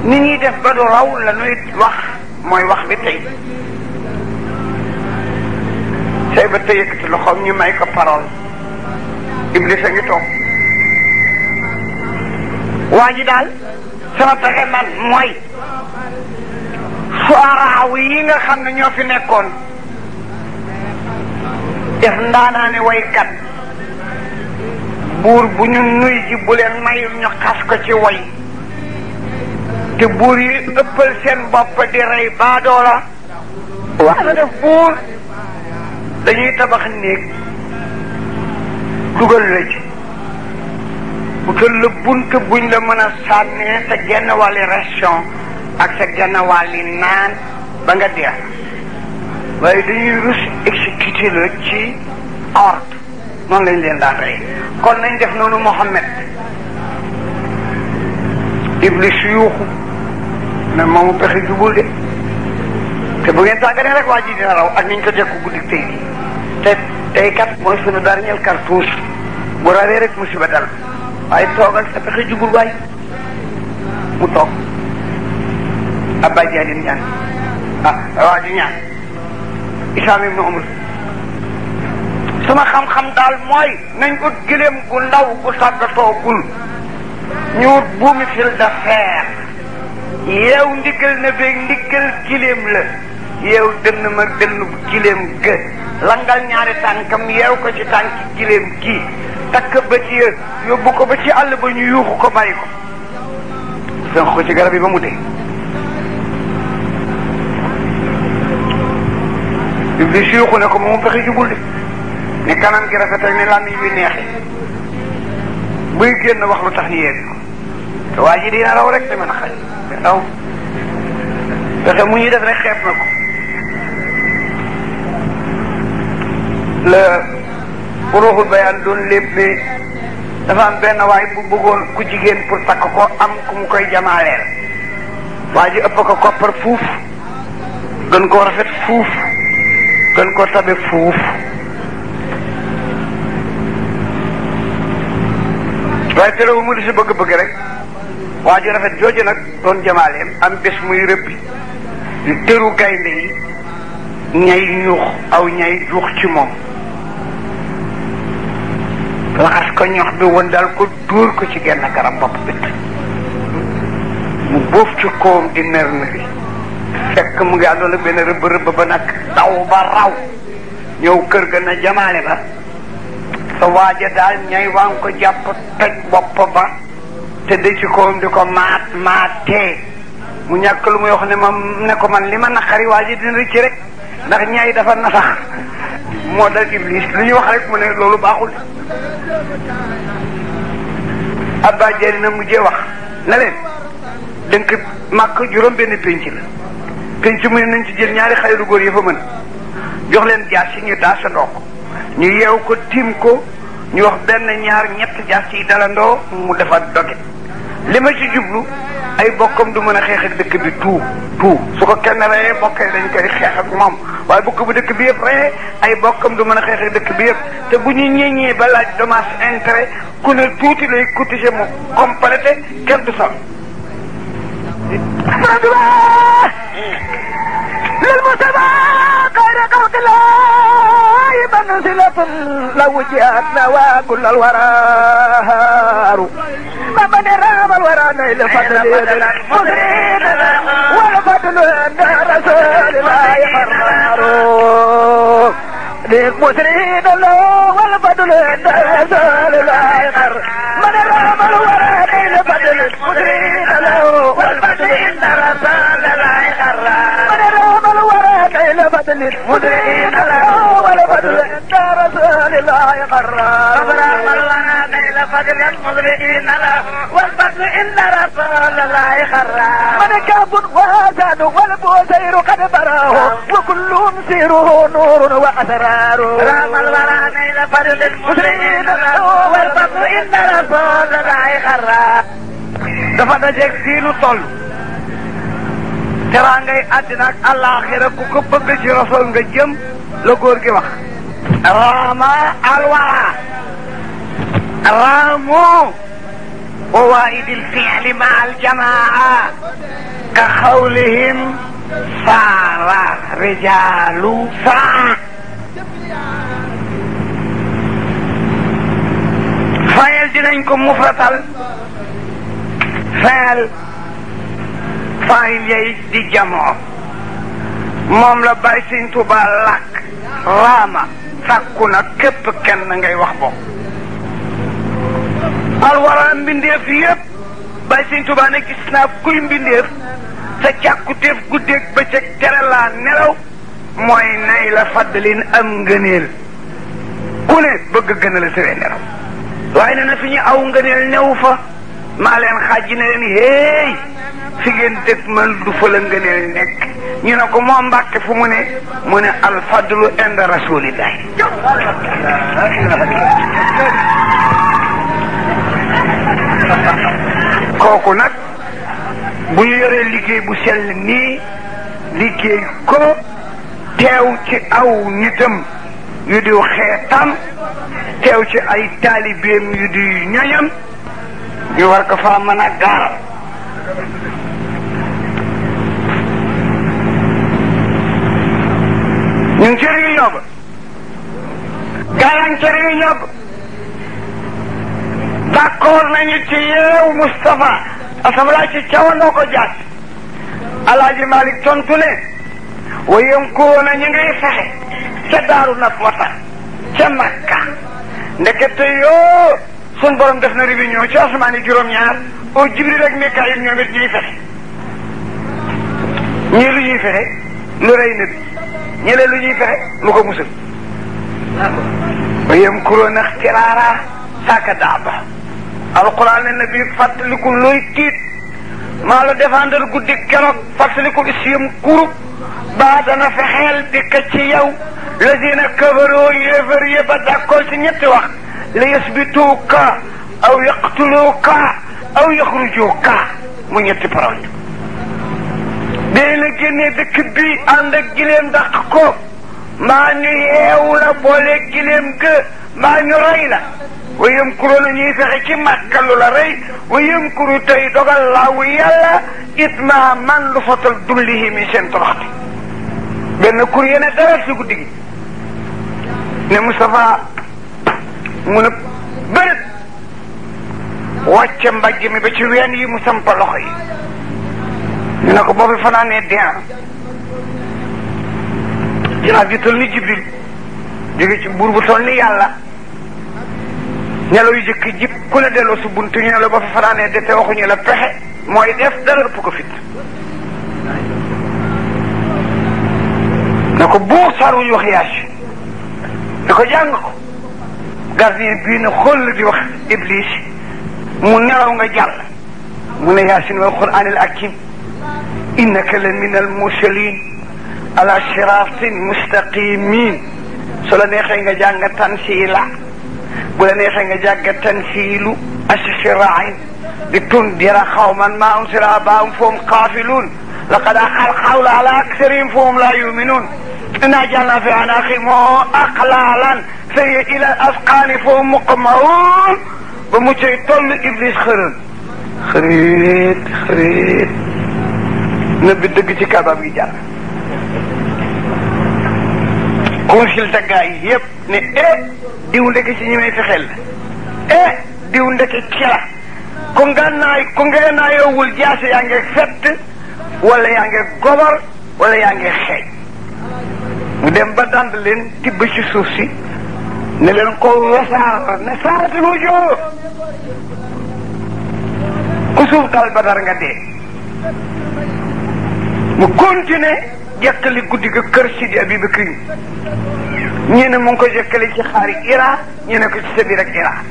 ni ñuy def ba du raw la ñuy wax mooy wax bi tey say ba tey yëkkati loxoom ñu may ko parole Iblis a ngi toog waa ji daal sama pexe man mooy fuaraaw yi nga xam ne ñoo fi nekkoon def ndaanaane waykat buur bu ñu nuy ji bu leen mayul ñu xas ko ci way te buur yi ëppal seen bopp di rey baadoola wax na def buur dañuy tabax néeg dugal la ci wutal la bunt buñ la mën a sànnee sa genn wàlli ration ak sa genn wàlli naan ba nga dee waaye dañuy rus exécuté ci ordre noonu lañ leen daan rey kon nañ def noonu Mohammed Iblis yuuxu na moomu pexe jubul de te bu ngeen tàggatee rek waa ji dina raw ak niñ ko jekku guddi tey te tey kat mooy suñu dernier cartouche bu rawee rek musiba dal waaye toogal sa pexe jubul waay mu toog Abba Jaalin ñaan ah waa ji ñaan Isaam ibnu Umar sama xam-xam daal mooy nañ ko gëléem gu ndaw gu sàggatoogul ñu wut buumi fil de fer yeew ndigal na beeg ndigal gëléem la yeew dënn ma dënn bu ga langal ñaari tànkam yeew ko ci tànki gëléem gi takk ba ci yóbbu ko ba ci àll ba ñu yuuxu ko bàyyi ko sànq ko ci garab yi ba mu dee iblis yuuxu ne ko moom fexe jubul de ne kanam gi rafet ak ne làmmiñ bi neexee buy génn wax lu tax ñu yeebi ko te waa ji dina raw rek te mën a xaj raw pexe mu ñuy def rek xeeb na ko la ruuxul bayaan doon lépp bi dafa am waay bu bëggoon ku jigéen pour takk ko am ku koy jamaaleel waa ji ëpp ko koppar fuuf gën koo rafet fuuf gën koo tabe fuuf waaye terewul mu di si bëgg-bëgg rek waa ji rafet jooju nag doon jamaaleem am bés muy rëbbi di gaynde yi ñay ñuux aw ñay juux ci moom laxas ko ñox bi wëndal ko dóor ko ci genn garab bopp bi mu bóof ci koom di nër nëri fekk mu ngi àndoon ak benn rëbb rëbb ba nag taw ba raw ñëw kër ga na jamaale ba sa waaja daal ñay waa ngi ko jàpp toj bopp ba tëdd ci koom di ko maat maatee mu ñàkk lu muy wax ne ma ne ko man li ma naqari waaji dina rëcc rek ndax ñaay dafa nasax moo dal iblis lu ñuy wax rek mu ne loolu baaxul abba jari na mujjee wax na leen dënk makk juróom benn pénc la pénc mu ne nañ ci jël ñaari xale lu góor yi fa mën jox leen jaas yi ñu daasandoo ko ñu yeew ko tiim ko ñu wax benn ñaar ñett jaas yi dalandoo mu dafa doge li ma ci jublu ay bokkam du mën a xeex ak dëkk bi tout tout su ko kenn reyee bokk yi dañ koy xeex ak moom waaye bokk bu dëkk bi yëpp reyee ay bokkam du mën a xeex ak dëkk bi yëpp te bu ñu ñeeñee ba laaj dommage intérêt ku ne tuuti lay cotiser mu complété kenn du sax للمجتمع غير قوت الله منزلة ثم من رام الورى لفضل مدرينا والفضل عند رسول الله يقرر للمسرين الله والفضل عند رسول الله يقرر من رام الورى لفضل المسرين الله والفضل عند رسول الله يقرر من رام الورى لفضل المسرين الله والفضل عند رسول الله يقرر عادل المذنبين له والفضل إن رسول الله خراه منكاب وهزان والبوزير قد براه وكلهم سيره نور وأسرار رام الورى نيل فرد المسلمين له والفضل إن رسول الله خراه dafa dajeeg fii nu toll teraangay àddina ak àllaaxira ku ko bëgg ci rasool رامو ووائد الفعل مع الجماعة كقولهم صار رجال فعل فايل جنينكم مفرطل فايل فايل يجد جمع مملا بايسين تبالك راما فكنا كيف كان نغي وحبو alwara mbindeef yëpp bay Sëñ Tuubaa ne gis naa kuy mbindeef sa càkkutéef guddeeg bëccëg tere laa nelaw mooy nay la fàddalin am ngëneel ku ne bëgg gën a la sëwee nelaw waaye nee na fi ñu aw ngëneel newu fa maa leen xaaj ne leen héey fi ngeen dëkk man du fa la ngëneel nekk ñu ne ko moo mbàkke fu mu ne mu ne alfadlu inda rasulillahi kooku nag bu ñu yoree liggéey bu sell nii liggéey ko teew ci aw nitam yu di xeetam teew ci ay taalibeem yu di ñoñam ñu war ko fa mën a gaaral ñun ci réunion ba gaaran ci réunion ba d'accord nañu ci yeew Moustapha assemblée ci cawandoo ko jaat alaaji Malick tontu ne wa yënkoona ñu ngay fexe ca daaru nag wata ca Makka ndekete yoo sun borom def na réunion ci asamaani juróom-ñaar oo Jibril rek Mikaayil ñoom it ñuy fexe ñii lu ñuy fexe lu rey na bi leen lu ñuy fexe lu ko musal wa yënkoona ixtiraara saaka daaba alquran ne na bii fàttaliku looy tiit maa la défendre guddi keroog fàttaliku isiyam kurub baa dana fexeel bi ka ci yow lazina kafaroo yéefar yi ba d'accord ci ñetti wax la yasbituuka aw yaqtuluuka aw yaxrujuuka mu ñetti parole dee la génnee dëkk bi ànd ak gileem dàq ko maa ñu yeewu la boole gileem ga maa ñu rey la ويمكرون ني فخي مكل لري ويمكر تي دوغال لا ويالا اتما من لفتل دله من سن ترخت بن كورينا دار سو دي ني مصطفى من برد واتم باجي مي بتي وين يي مسام بلوخي نكو بوبي فنا ني ديان جنا جبريل جيجي بور بو تولي يالا nelaw yu jëkk jib ku la delloo su buntu ñu ne la ba fa fanaanee de te waxuñu la pexe mooy def dara ëpp ko fit na ko buur saar wuñu wax yaasi na ko jàng ko gardien bii na xoll di wax iblis mu nelaw nga jàll mu ne yaasin wal quran al hakim innaka la min al mursalin ala siratin mustaqimin su la neexee nga jàng tansiila bu la neexee nga jàgg tansiilu asisi raain di tundira xawman maa um sira baahum foom xaafiluun laqad axal xawla ala aksarihim foom laa yuminuun إنا جعلنا في أناخهم أقلالا سيء إلى الأسقان فهم مقمعون بمجري طل إبليس خرن خريت خريت نبي دقتي كابا بيجار كونسل تقاي يب نئ diw ndek ci ñi may fexel eh diw ku nga ko ku nga ngeenaayowul jaase yaa ngi fett wala yaa ngi gobar wala yaa ngi xeej mu dem ba dand leen tibb ci suuf si ne leen ko wasaar ne saaratul wujoo ku suuf dal ba dar nga dee mu continue guddi ga sidi abibakri ñu ne mu ngi ko jëkkale ci xaari Iran ñu ne ko ci sa biir ak Iran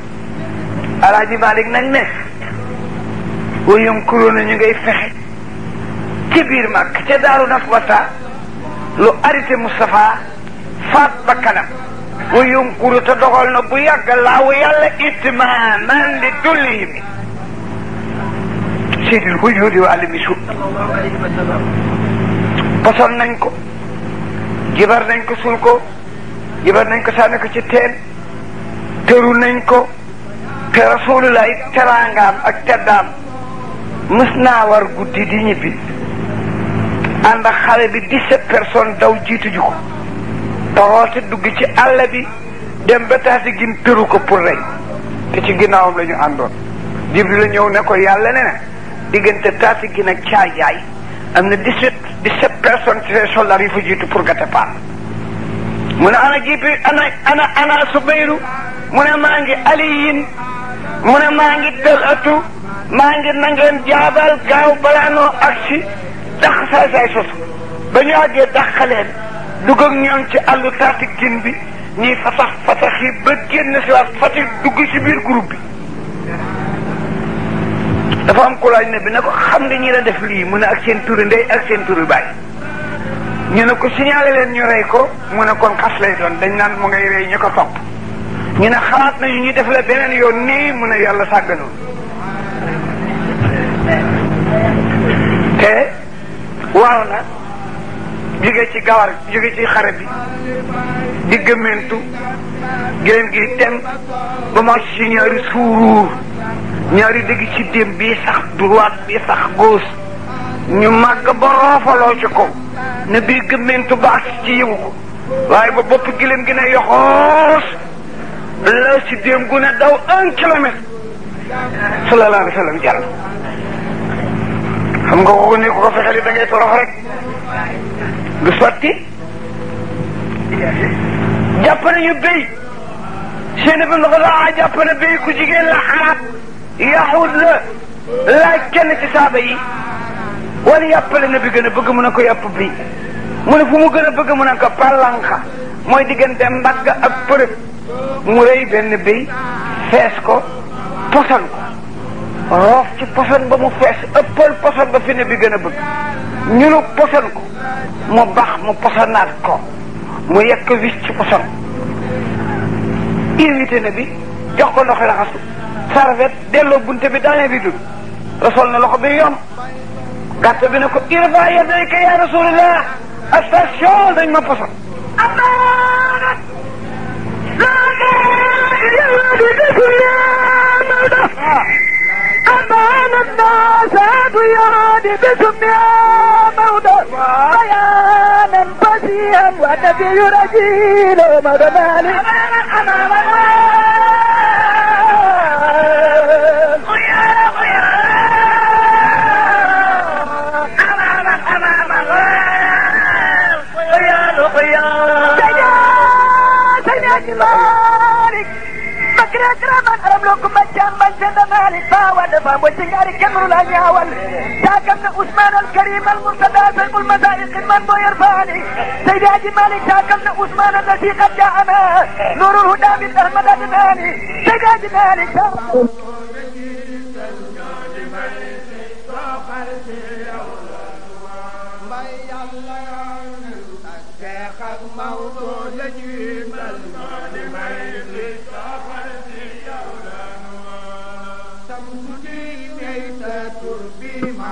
alaaji Malik nag ne wa ñu ngay fexe ca biir màkk ca daaru nafwata lu arrêté Moustapha faat ba kanam wa yamkuru te dogal na bu yàgg laawu yàlla itmaaman li dulli mi seydil hujudi wa alimi su poson nañ ko jibar nañ ko sul ko yëbal nañ ko sànni ko ci teen tëru nañ ko te rasulullah teraangaam ak teddaam mës naa war guddi di ñibbi ànd ak xale bi dix-sept personnes daw jiitu ju ko taxoote dugg ci àll bi dem ba taasi gin tëru ko pour rey te ci ginnaawam la ñu àndoon jibril la ñëw ne ko yàlla ne na diggante taasi gin ak caajaay am na dix-sept dix-sept personnes ci soldats yi fa jiitu pour gate paan mu ne ana jibril ana ana ana subayru mu ne maa ngi aliyin mu ne maa ngi dalatu maa ngi na ngeen jaabal gaaw balaa noo agsi dax saay saay sosu ba ñu àggee daxaleen dugg ñoom ci àllu taati gin bi ñuy fatax fatax ba génn si waat Fatick dugg si biir groupe bi dafa am ku ne bi ne ko xam nga ñi la def lii mun ne ak seen turi ndey ak seen turi baay ñu ne ko signalé leen ñu rey ko mu ne kon xas lay doon dañ naan mu ngay rey ñu ko topp ñu ne xalaat nañu ñu def la beneen yoon nii mun ne yàlla sàgganul te waaw na jóge ci gawar jóge ci xare bi di gëmmentu gëléem gi tem ba ma ci ñaari suuruur ñaari dëgg ci déem bii sax droite bii sax gauche ñu màgg ba roofaloo ci kaw ne bii gëmmeentu ba ak ci yëwu ko waaye ba bopp gileem gi ne yoxoos la si déem gu ne daw un kilomètre sallallahu alayhi wa sallam jàll xam nga kooku ni ko ko fexeli da ngay torox rek du sotti jàpp nañu béy seen i ba nga daa jàpp na béy ku jigéen la xalaat yaxut la laaj kenn ci saaba yi wala yàppale na bi gën a bëgg mu ne ko yàpp bi mu ne fu mu gën a bëgg mu ne ko pàllanka mooy diggante mbagg ak përëb mu rëy benn béy fees ko poson ko roof ci poson ba mu fees ëppal poson ba fi ne bi gën a bëgg ñu nu poson ko mu bax mu posonaat ko mu yekk wis ci poson invité na bi jox ko ndox raxasu sarvet delloo bunte bi daanee bi dul rasool na loxo bi yom gàtt bi ne ko irfa yadayka ya rasulillah astation dañ ma posal amaarat أمان الناس أبيان باسم يا مودة بيانا فسيا والنبي رجيل ومدى مالي أمان أمان مالك بكرة كرمان أرم لكم مجان مجان مالك باوان فام وشنجار كمر الأنياوال تاكمنا عثمان الكريم المرتدى سلم المزائق من يرفعني سيدي أجي مالك تاكمنا عثمان الذي قد جاءنا نور الهدى من أحمد أجمالي سيدي أجي مالك موضوع لجيب المال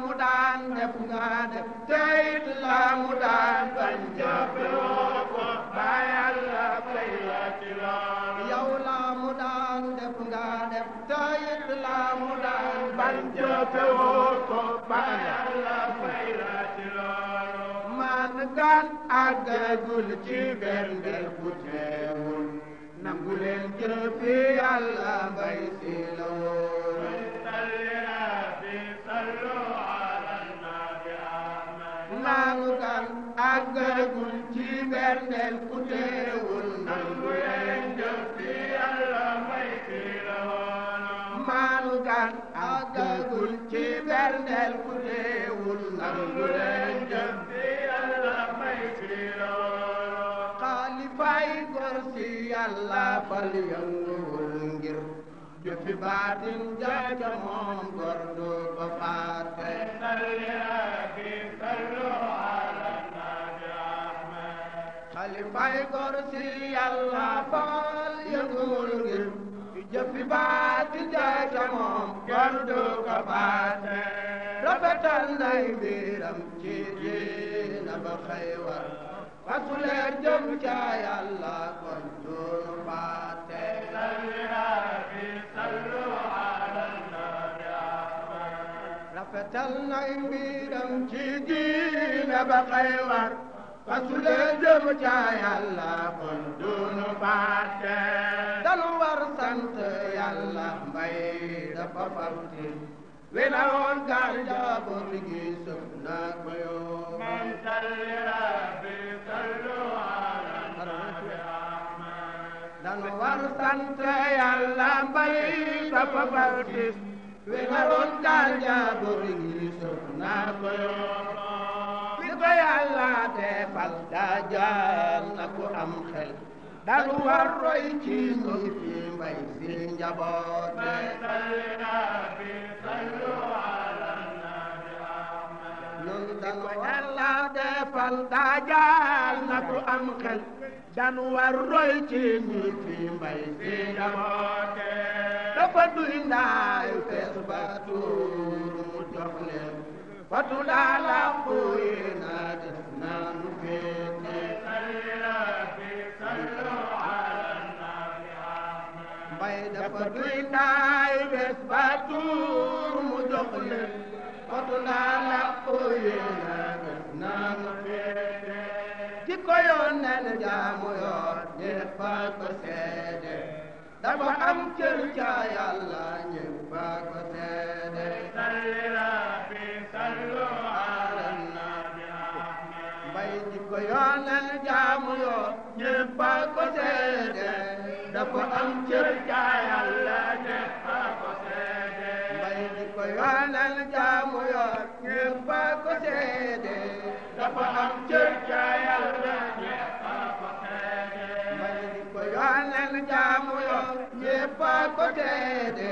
mu def nga def teyit la mu daan bañ jàppe la ci lool yow la mu def nga def teyit la mu daan bañ jàppe la ci lool man gan àggagul ci benn mbir teewul nangu leen jëfi yàlla nangukan àggagul ci berndeel ku teewul nangu leen jëf bi yàlla may maanukan àggagul ci berndeel ku teewul nangu leen jëf bi yàlla may xalifaay gor si yàlla fal yënguwul ngir jubbi baatin jaaja moom gordu ba faate salli rabbi sallu ala nabi ahmed xalifay gor si yàlla baal yëngul gi jubbi baatin jaaja moom gordu ba faate rafetal nay mbiram ci diina ba xeywal fasuleer jëm ca yàlla kon duunu faate salli rabbi fetal nay mbiram ci diine ba xëy war fa su dee jëm ca yàlla kon dunu fàtte danu war sant yàlla mbay dafa fawti we na woon gaar jaabur gi sëf na koyoo man tallira bi tallu ala nabi ahmad danu war sant yàlla mbay dafa fawti we waroon taal jaabur yi naa ko yoon li ko yàlla defal daa jaal na ku am xel dalu war roy ci ñi fi mbay si njaboot dan ko yàlla defal daa jaal na ku am xel dan war roy ci nit yi mbay si jamoote dafa duy ndaay fees ba tuuru mu jox leen fatu daa la kuy na def nanu féete mbay dafa duy ndaay fees ba tuuru mu jox leen kotu nana uye nana nana fete jikko yoon nene jaamu yoon ñépp a ko seede am cër ca yàlla ñépp a salli rabbi sallu ala nabi ahmed mbay jikko yoon nene jaamu yoon ñépp a ko seede am cër ca yàlla ñépp a ko yoonal jaamu yoon ñépp a ko seede dafa am cër ca yàlla ñépp a ko seede may di ko yoonal jaamu yoon ñépp a ko seede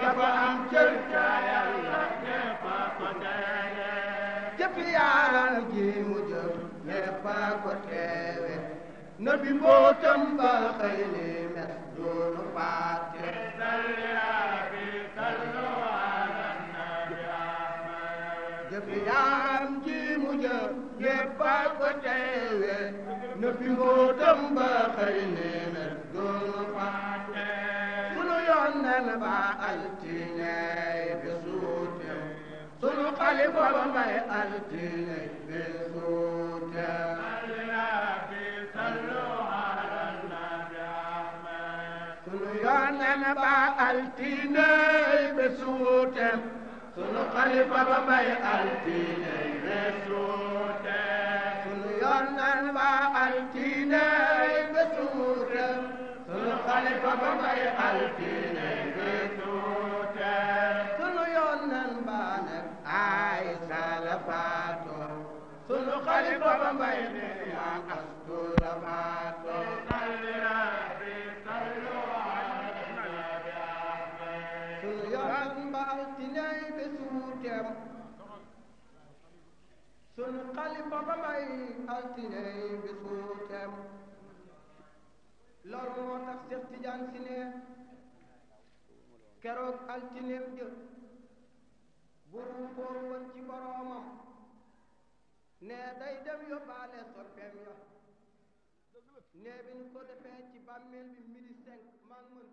dafa am cër ca yàlla ñépp a ko seede jëf yaaral ji mu jëf ñépp a ko teewe nabi moo tëmbal xëy li mes doonu fàtte salli bi sallu ñépp a ko teewe na fi mbootam ba xëy nee na doonu fàtte sunu yoon nan ba altiñay bi suute sunu xalifa ba may altiñay bi suute sunu yoon nan ba altiñay bi suute sunu xalifa ba mbay altine besuute sunu yonnan ba altine besuute sunu xalifa ba mbay altine besuute sunu yonnan ba nag ay salafaatu sunu njaay te suur teem sun xalifa ba may altine bi suur teem loolu moo tax Cheikh Tidiane si ne keroog altineem jë ci boroomam ne day dem yóbbaale soppeem ya ne bi ñu ko defee ci bàmmeel bi midi cinq maa ngi